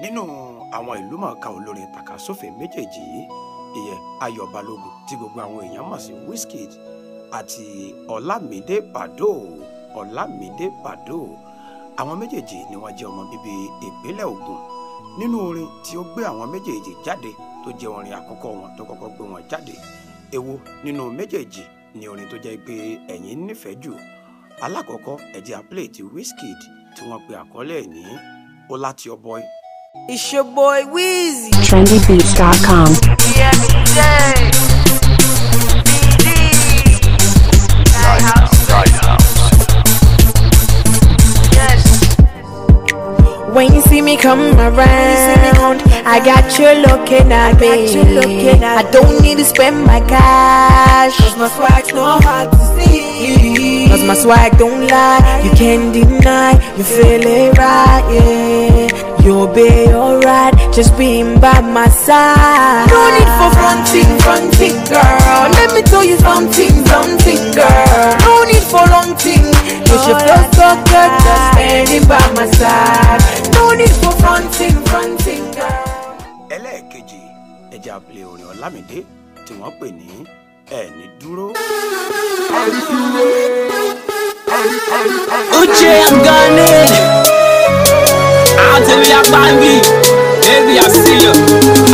nínú àwọn ìlúmọ̀ọ́ká olórin tàkasúfè méjèèjì yìí ìyẹn ayọ̀ balógun tí gbogbo àwọn èèyàn mọ̀ sí Wizkid àti ọlámídé bàdó ọlámídé bàdó àwọn méjèèjì ni wọ́n jẹ́ ọmọ bíbí ìpínlẹ̀ Ògùn nínú orin tí ó gbé àwọn méjèèjì jáde tó jẹ́ orin àkọ́kọ́ wọn tó kọ́kọ́ gbé wọn jáde èwo nínú méjèèjì ni orin tó jẹ́ pé ẹ̀yin nífẹ̀ẹ́ jù alákọ̀ọ́kọ́ ẹ̀jẹ̀ àpilẹ̀ ti Wizkid tí wọ́n pe àkọ́lé ẹ̀ ní Ọlátìọ́bọ́ì It's your boy Wheezy. TrendyBeats.com. When you see me come around, I got you looking at me. I don't need to spend my cash. Cause my swag's no hard to see. Cause my swag don't lie. You can't deny. You feel it right, yeah. You'll be alright, just being by my side. No need for fronting, fronting, girl. Let me tell you something, something, girl. No need for long thing. Cause you feel so good, just standing by my side. No need for fronting, fronting, girl. ẹlẹ́ẹ̀kejì ẹja play orin ọlámídé tí wọ́n pè ní ẹni dúró. Uche I'm gone till we are bangi. Baby, I see you.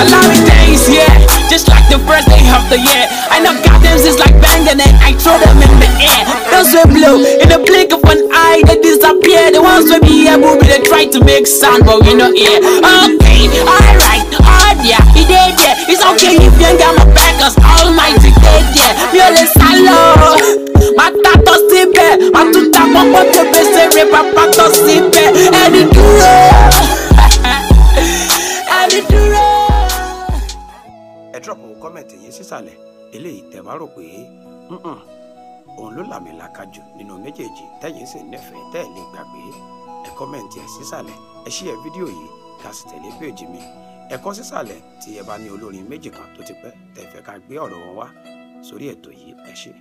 A lot of days, yeah. Just like the first day of the year. I know goddamn is like banging and I throw them in the air. Those were blue. In the blink of an eye, they disappear. The ones with me, yeah, movie, they try to make sound, but we no ear. Okay, alright, oh yeah, it did, yeah. It's okay if you ain't got my tẹ̀tì yín sísàlẹ̀ eléyìí tẹ́ bá rò pé òun ló làmìlàkà jù nínú méjèèjì tẹ́yìn sì nífẹ̀ẹ́ tẹ́ ẹ̀ lè gbàgbé ẹ kọ́mẹ̀ntì ẹ̀ sísàlẹ̀ ẹ ṣí ẹ fídíò yìí ká sì tẹ̀lé péèjì mi ẹ kọ sísàlẹ̀ tí ẹ bá ní olórin méjì kan tó ti pẹ́ tẹ́ fẹ́ ká gbé ọ̀rọ̀ wọn wá sórí ètò yìí ẹ ṣé.